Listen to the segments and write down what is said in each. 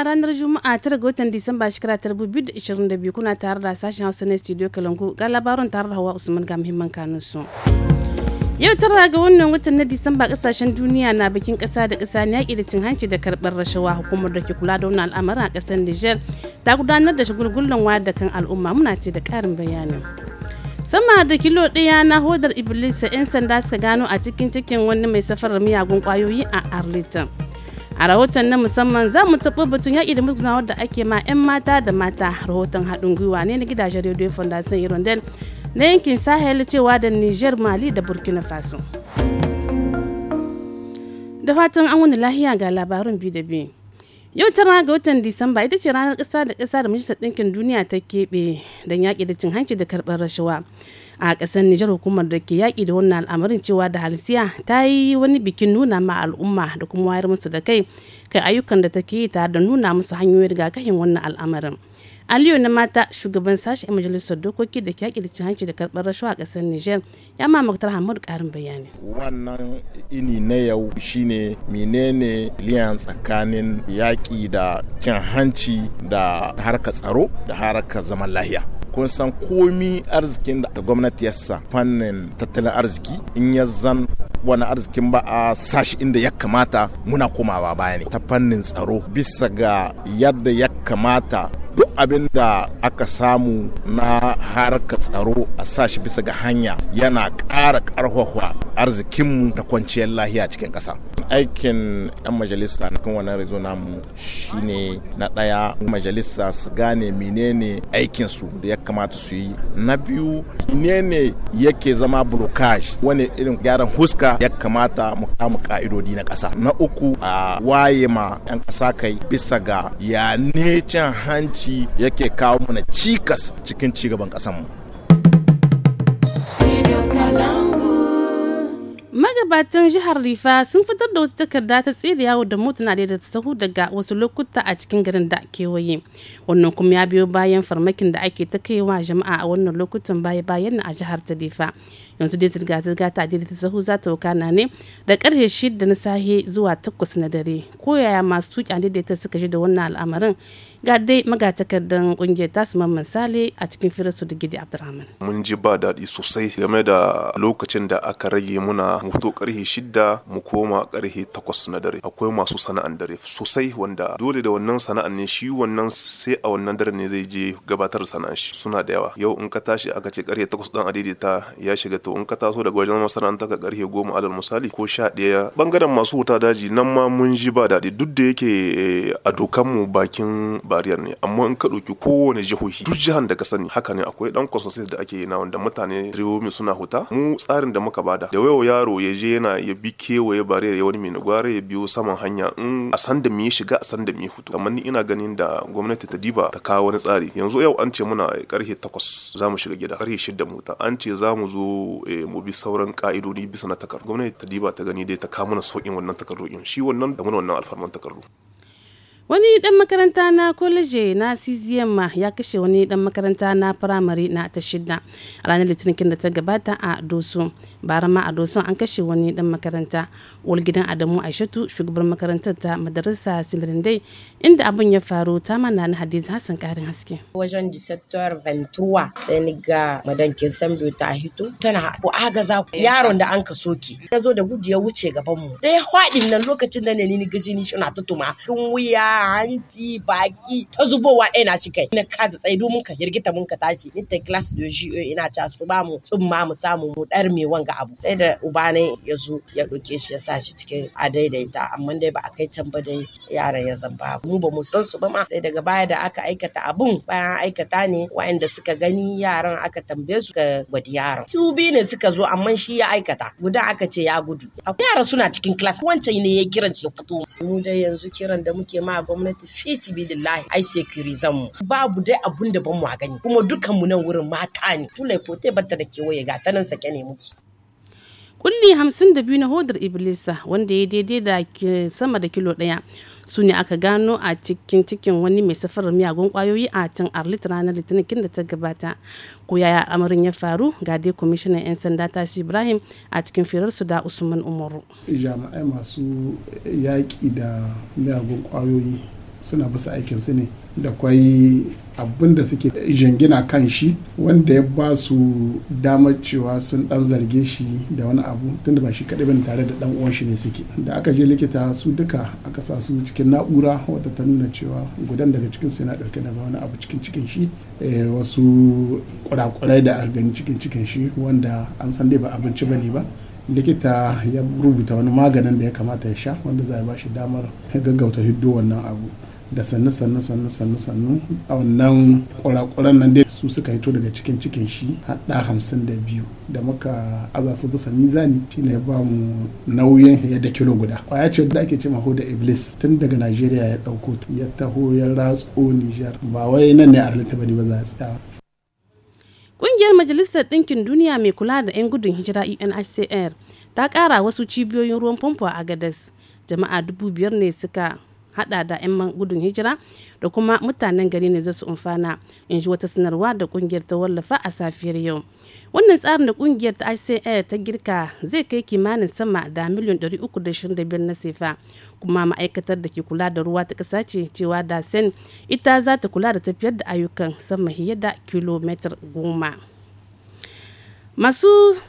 a ranar Juma'a tara ga watan Disamba shekara ta biyu da da ishirin biyu kuna tare da sashen Hausa na Studio Kalangu ga labarin tare da Hawa Usman ga muhimman kanun su. Yau tara ga wannan watan na Disamba kasashen duniya na bikin kasa da kasa na yaƙi da cin hanci da karɓar rashawa hukumar da ke kula da wannan al'amarin a ƙasar Nijar ta gudanar da shagulgullan wayar da kan al'umma muna ce da ƙarin bayani. sama da kilo ɗaya na hodar iblis 'yan sanda suka gano a cikin cikin wani mai safarar miyagun kwayoyi a arlington a rahoton na musamman za mu taɓa batun yaƙi da musgunawar da ake ma 'yan mata da mata rahoton haɗin gwiwa ne na gidajen radio fondation irondel na yankin sahel cewa da niger mali da burkina faso da fatan an wani lahiya ga labarun biyu da biyu yau tara ga watan disamba ita ce ranar ƙasa da kasa da majalisar ɗinkin duniya ta keɓe don yaƙi da cin hanci da karɓar rashawa a ƙasar nijar hukumar da ke yaƙi da wannan al'amarin cewa da halsiya ta yi wani bikin nuna ma al'umma da kuma wayar musu da kai kai ayyukan da take yi tare da nuna musu hanyoyin rigakafin wannan al'amarin aliyu na mata shugaban sashi a majalisar dokoki da ke yaƙi da cin hanci da karɓar rashawa a ƙasar nijar ya ma maktar hamadu ƙarin bayani wannan ini na yau shine menene liyan tsakanin yaƙi da cin hanci da harkar tsaro da harkar zaman lahiya kun san komi arzikin da gwamnati ya sa fannin tattalin arziki in ya zan wani arzikin ba a sashi inda ya kamata muna komawa baya ne ta fannin tsaro bisa ga yadda ya kamata duk abin da aka samu na harkar tsaro a sashi bisa ga hanya yana ƙara ƙarfafa arzikinmu da kwanciyar lahiya cikin ƙasa aikin 'yan majalisa na kan wannan rezo namu shine na ɗaya majalisa su gane menene aikin su da ya kamata su yi na biyu menene yake zama blocage wani irin gyaran huska ya kamata mu kama ka'idodi na ƙasa na uku a waye ma 'yan ƙasa kai bisa ga ya ne cin hanci yake kawo mana cikas cikin cigaban ƙasan mu magabatan jihar rifa sun fitar da wata takarda ta tsere yawo da mota na daidaita sahu daga wasu lokuta a cikin garin da kewaye wannan kuma ya biyo bayan farmakin da ake ta kaiwa jama'a a wannan lokutan baya bayan a jihar ta rifa yanzu dai zirga-zirga ta ta zahu za ta wakana ne da karfe shida na sahe zuwa takwas na dare ko yaya masu tuki daidaita suka shi da wannan al'amarin ga dai magatakardan kungiyar tasu mamman a cikin firarsu da gidi abdurrahman mun ji ba daɗi sosai game da lokacin da aka rage muna mutu karhe shida mu koma karhe takwas na dare akwai masu sana'an dare sosai wanda dole da wannan sana'an ne shi wannan sai a wannan dare ne zai je gabatar sana'an shi suna da yawa yau in ka tashi aka ce karhe takwas dan adidita ya shiga to in ka taso daga wajen masana'anta ka karfe goma alal misali ko sha ɗaya bangaren masu wuta daji nan ma mun ji ba daɗi duk da yake eh, a dokanmu bakin bariyar ne amma in ka ɗauki kowane jihohi duk jihar da ka sani haka ne akwai ɗan consensus da ake yi na wanda mutane direbobi suna huta mu tsarin da muka bada da yau yaro ya je yana ya bi kewaye bariyar ya wani mai gwara ya biyo saman hanya in a san da mu ya shiga a san da mu ya fito kamar ni ina ganin da gwamnati ta diba ta kawo wani tsari yanzu yau an ce muna karfe takwas za mu shiga gida karfe shida mota an ce za mu zo Eh, mu bi sauran ka'idodi bisa na takardu gwamnati ta diba ta gani dai ta kamuna sauƙin wannan takardu shi wannan da muna wannan alfarman takardu wani dan makaranta na college na CZM ya kashe wani dan makaranta na firamare na ta shida a ranar litinin da ta gabata a doso bara ma a doso an kashe wani dan makaranta wal adamu aishatu shugaban makarantar ta madarasa simirindai inda abin ya faru ta mana na hadiza hassan karin haske wajen sector ventura sai ga ga madankin sambo ta hito tana ko agaza yaron da an ka soke ya zo da gudu ya wuce gaban mu sai haɗin nan lokacin da ne ni gaji ni shi na ta tuma wuya hanci baki ta zubowa ɗaya na shi kai na kaza tsaye domin ka hirgita mun ka tashi ni ta class da shi eh, ina ta su ba mu tsumma mu samu mu dar me wanga abu sai da ubane ya zo ya ɗauke shi ya sa shi cikin a daidaita amma dai ba a kai can ba dai yaran ya zamba mu ba mu san su ba ma sai daga baya da aka aikata abun bayan aikata ne waɗanda suka gani yaran aka tambaye su ka gwadi yaran su biyu ne suka zo amma shi ya aikata guda aka ce ya gudu yara suna cikin class wancan ne ya kiran shi fito mu dai yanzu kiran da muke ma gwamnati fi sibilillahi ai securizan mu babu dai abun da ban mu gani kuma dukan mu nan wurin mata ne tulai fote batta da kewaye ga tanan sake ne muke kulli 52 na hodar iblisa wanda ya daidai da sama da kilo daya su ne aka gano a cikin cikin wani mai safarar miyagun kwayoyi a can arlit ranar litinin da ta gabata ko yaya amarin ya faru ga dai kwamishinan 'yan sanda tashi ibrahim a cikin firar su da usman umaru jami'ai masu yaƙi da miyagun kwayoyi suna aikin su ne da kwai abin da suke jingina kan shi wanda ya ba su damar cewa sun dan zarge shi da wani abu tunda ba shi kaɗai bane tare da dan uwan shi ne suke da aka je likita su duka aka sa su cikin na'ura wadda ta nuna cewa gudan daga cikin su yana ɗauke da wani abu cikin cikin shi eh, wasu kurakurai da gani cikin cikin shi wanda an san dai ba abinci bane ba likita ya rubuta wani maganin da ya kamata ya sha wanda za a ba shi damar gaggauta hiddo wannan abu da sannu sannu sannu sannu sannu a wannan kwarakwaran nan dai su suka hito daga cikin cikin shi haɗa hamsin da biyu da muka aza su bisa mizani ne ya mu nauyin fiye da kilo guda kwaya ce da ake ce maho da iblis tun daga najeriya ya ɗauko ya taho ya ratso nijar ba wai nan ne a ba bane ba za a tsaya kungiyar Majalisar Ɗinkin Duniya mai kula da 'yan gudun hijira UNHCR ta ƙara wasu cibiyoyin ruwan famfo a Gadas. Jama'a dubu biyar ne suka hada da 'yan gudun hijira da kuma mutanen gari ne za su amfana in ji wata sanarwa da kungiyar ta wallafa a safiyar yau wannan tsarin da kungiyar ta ICA ta girka zai kai kimanin sama da miliyan 325 na sefa kuma ma'aikatar da ke kula da ruwa ta ƙasa ce cewa da sen ita za ta kula da tafiyar da ayyukan sama hiye da kilomitar goma. masu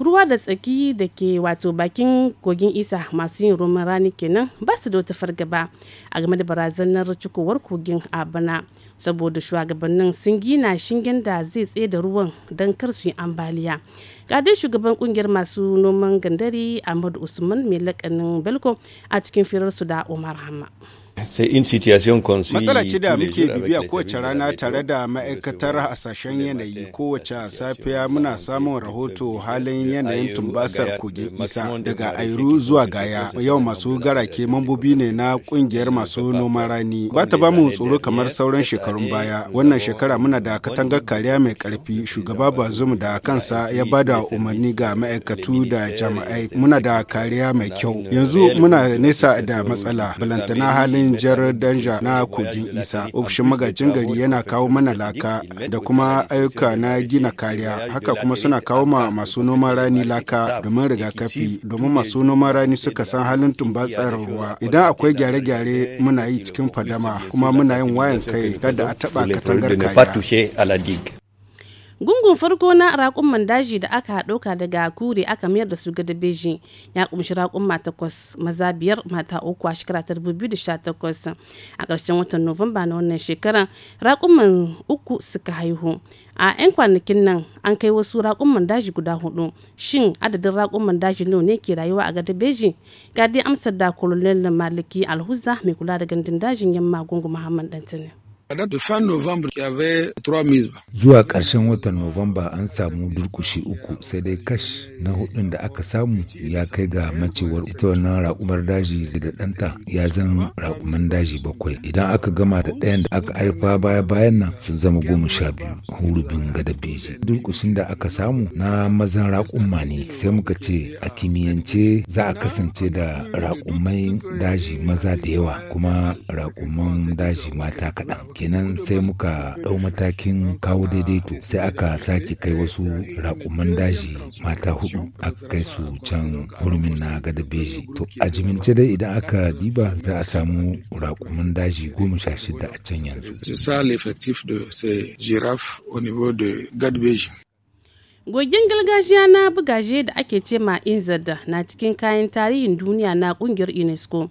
ruwa da tsaki da ke wato bakin kogin isa masu yin roman rani kenan ba su da wata fargaba a game da barazanar cikowar kogin a bana saboda shugabannin sun gina shingen da zai tsaye da ruwan don kar su yi ambaliya kadai shugaban kungiyar masu noman gandari ahmadu usman mai lakanin belko a cikin firarsu da umar hama. Matsala ce da muke bibiya kowace rana tare da ma'aikatar hasashen yanayi kowace safiya muna samun rahoto halin yanayin tumbasar kogin eh, isa daga airu zuwa gaya yau masu garake mambobi ne na kungiyar masu noman rani ba ta bamu tsoro kamar sauran shekarun baya wannan shekara muna da katangar kariya mai karfi shugaba bazum da kansa ya bada umarni ga ma'aikatu da jama'ai muna da kariya mai kyau yanzu muna nesa da matsala balantana halin yin jarar danja na kogin isa ofishin magajin gari yana kawo mana laka da kuma ayyuka na gina kariya haka kuma suna kawo ma masu noman rani laka domin rigakafi domin masu noman rani suka san halin tumbatsar ruwa idan akwai gyare-gyare muna yi cikin fadama kuma muna yin wayan kai kada a taba katangar kariya gungun farko na raƙumman daji da aka ɗauka daga kure aka mayar da su da beijing ya kumshi mata takwas maza biyar mata uku a shekara ta takwas a ƙarshen watan novemba na wannan shekara man uku suka haihu a 'yan kwanakin nan an kai wasu raƙumman daji guda hudu shin adadin raƙumman daji nawa ne ke rayuwa a gada beji ga dai amsar da kolonel maliki alhuza mai kula da gandun dajin yamma gungun muhammad dantane Zuwa ƙarshen watan Nuwamba an samu durƙushi uku sai dai kash na hudun da aka samu ya kai ga macewar ita wannan raƙumar daji da ɗanta ya zan raƙuman daji bakwai. Idan aka gama da ɗayan da aka haifa baya bayan nan sun zama goma sha biyu hurubin gada beji. Durƙushin da aka samu na mazan raƙumma ne sai muka ce a kimiyyance za a kasance da raƙumai daji maza da yawa kuma raƙuman daji mata kaɗan. kenan sai muka ɗau matakin kawo daidaito sai aka sake kai wasu raƙuman daji mata hudu aka kai su can hurumin na beji to a jimince dai idan aka diba za a samu raƙuman daji goma sha shida a can yanzu. Gogin gargajiya na bugaje da ake ce ma Inzada na cikin kayan tarihin duniya na kungiyar UNESCO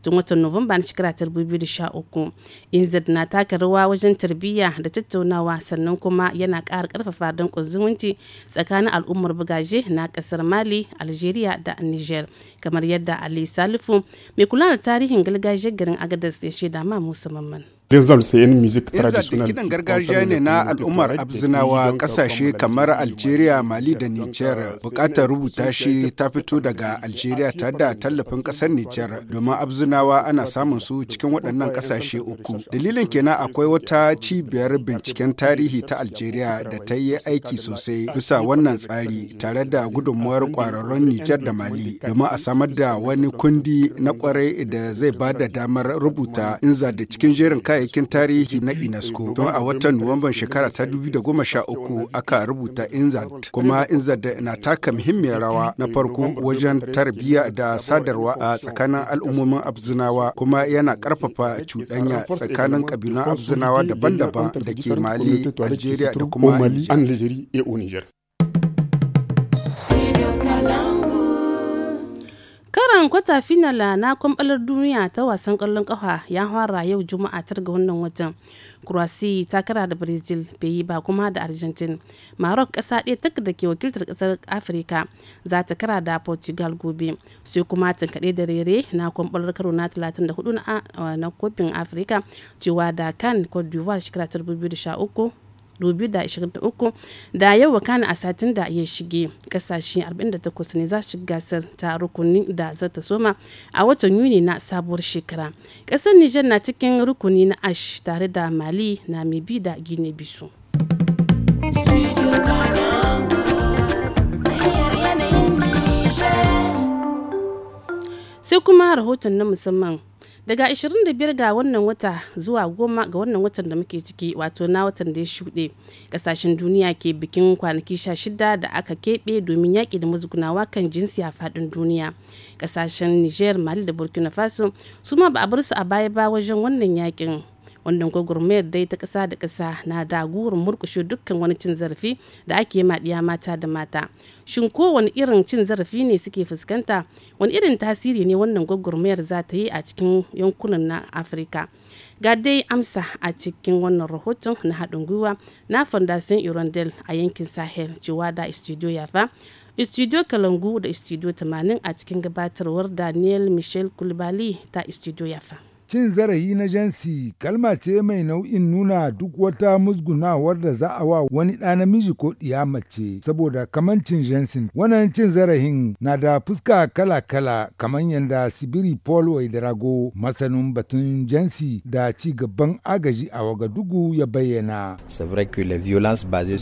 tun watan Nuwamba na shekara 2013. Inzada na taka rawa wajen tarbiyya da tattaunawa sannan kuma yana ƙara ƙarfafa don zumunci tsakanin al'ummar bugaje na ƙasar Mali, Algeria da Niger. Kamar yadda Ali Salifu mai kula da tarihin gargajiyar garin Agadas ya shaida ma Musa Mamman. Rizal sayan music traditional. kidan gargajiya ne na al'ummar abzinawa kasashe kamar Algeria, Mali da Niger. Bukatar rubuta shi ta fito daga Algeria ta da tallafin kasar Niger domin abzinawa ana samun su cikin waɗannan kasashe uku. Dalilin kenan akwai wata cibiyar binciken tarihi ta Algeria da ta yi aiki sosai bisa wannan tsari tare da gudunmuwar kwararrun Niger da Mali domin a samar da wani kundi na kwarai da zai ba da damar rubuta inza da cikin jerin kayan kayayyakin tarihi na UNESCO don a watan Nuwamban shekara ta 2013 aka rubuta Inzard kuma Inzard na taka muhimmiyar rawa na farko wajen tarbiyya da sadarwa a tsakanin al'ummomin Abzinawa kuma yana karfafa cuɗanya tsakanin kabilun Abzinawa daban-daban da ke Mali, Algeria da kuma Niger. Karan kwata final na kwambalar duniya ta wasan ƙwallon ƙafa ya fara yau Juma'a tar ga wannan watan. Croatia ta kara da Brazil bai yi ba kuma da Argentina. Maroc ƙasa ɗaya ta da ke wakiltar ƙasar Afirka za ta kara da Portugal gobe. Sai kuma tankaɗe da rere na kwambalar karo na 34 na kofin Afirka cewa da kan Cote d'Ivoire shekara 2013 2023 da yau wakana a satin da ya shige kasashe 48 ne za su gasar ta rukuni da za ta soma a watan yuni na sabuwar shekara kasar niger na cikin rukuni na ash tare da mali namibi da gine bisu sai kuma rahoton na musamman daga 25 ga wannan wata zuwa goma ga wannan watan da muke ciki wato na watan da ya shuɗe ƙasashen duniya ke bikin kwanaki 16 da aka keɓe domin yaƙi da mazugunawa kan jinsi a faɗin duniya ƙasashen niger mali da burkina faso su ma ba a bar su a baya ba wajen wannan yaƙin wannan gwagwarmayar dai ta kasa da kasa na da murkushe dukkan wani cin zarafi da ake maɗiya mata da mata shin ko wani irin cin zarafi ne suke fuskanta wani irin tasiri ne wannan gwagwarmayar za ta yi a cikin yankunan na afirka ga dai amsa a cikin wannan rahoton na haɗin gwiwa na fondation irondel a yankin sahel cewa da studio yafa studio kalangu da studio 80 a cikin gabatarwar daniel michel kulbali ta studio yafa Cin zarahi na jinsi kalma ce mai nau'in nuna duk wata musgunawar da za a wa wani ɗa namiji ko ɗiya mace saboda kamancin jinsin. Wannan cin zarafin na da fuska kala-kala kamar yadda Sibiri Paul Waidrago masanin batun jinsi da ci gaban agaji a Wagadugu ya bayyana.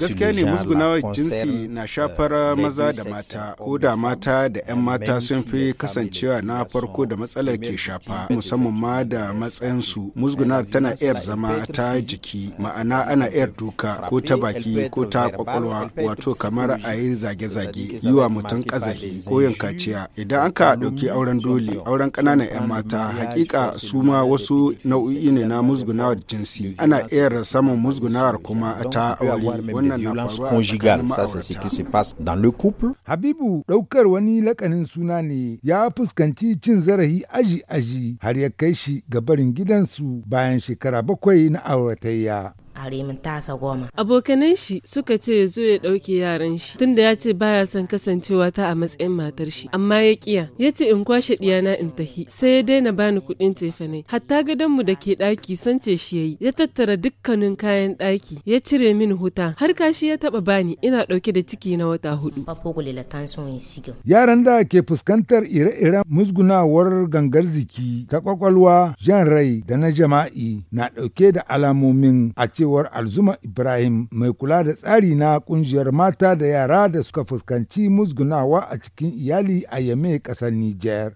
Gaskiya ne musgunawar jinsi na euh, shafar maza da mata ko da mata da 'yan mata euh, sun fi kasancewa na farko da matsalar ke shafa musamman ma da da matsayinsu musgunar tana iya zama ta jiki ma'ana ana iya duka ko ta baki ko ta kwakwalwa wato kamar a yi zage-zage yi wa mutum kazahi ko yin kaciya idan aka ɗauki auren dole auren ƙananan 'yan mata hakika su ma wasu nau'i ne na musgunawar jinsi ana iya samun musgunawar kuma ta aure wannan na faruwa habibu ɗaukar wani lakanin suna ne ya fuskanci cin zarafi aji-aji har ya kai shi ga barin gidansu bayan shekara bakwai na auratayya. aliminta tasa goma. Abokanan shi suka ce ya zo ya ɗauke yaran shi tunda ya ce baya son kasancewa ta a matsayin matar shi amma ya kiya ya ce in kwashe ɗiyana in tahi sai ya daina bani kuɗin tefane hatta gadon mu da ke ɗaki son ce shi ya yi. ya tattara dukkanin kayan ɗaki ya cire min huta har kashi ya taɓa bani ina ɗauke da ciki na wata hudu. Yaran da ke fuskantar ire-iren musgunawar gangar ziki ta kwakwalwa jan rai da na jama'i na ɗauke da alamomin a cewa cewar Alzuma Ibrahim mai kula da tsari na kungiyar mata da yara da suka fuskanci musgunawa a cikin iyali a Yame kasar Nijar.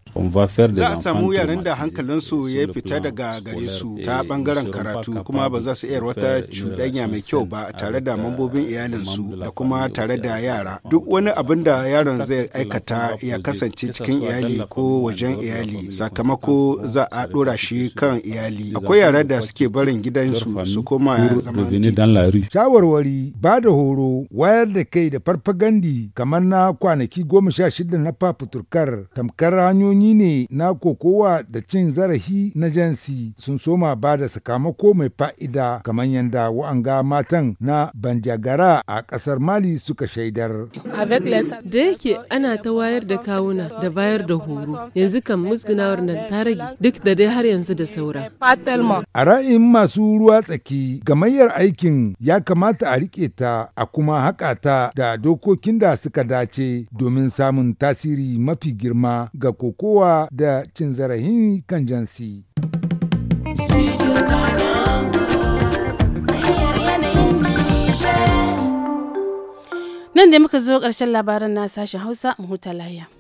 Za a samu yaran da hankalinsu ya fita daga gare su ta bangaren karatu kuma ba za su iya wata cuɗanya mai kyau ba tare da euh, mambobin iyalinsu da kuma tare da yara. Duk wani abin da yaron zai aikata ya kasance cikin iyali ko wajen iyali sakamako za a ɗora shi kan iyali. Akwai yara da suke barin gidansu su koma zama shawarwari ba da horo wayar da kai da farfagandi kamar na kwanaki goma sha shida na fafuturkar tamkar hanyoyi ne na kokowa da cin zarafi na jansi sun soma ba da sakamako mai fa'ida kamar yadda wa'anga matan na banjagara a kasar mali suka shaidar da yake ana ta wayar da kawuna da bayar da horo yanzu kan musgunawar nan ta rage duk da dai har yanzu da saura a ra'ayin masu ruwa tsaki game Gamayyar aikin ya kamata a riƙe ta a kuma haƙa ta da dokokin da suka dace domin samun tasiri mafi girma ga kokowa da cin zarahin kan jansi. Nan da muka zo ƙarshen labaran na sashen Hausa mu huta lahiya.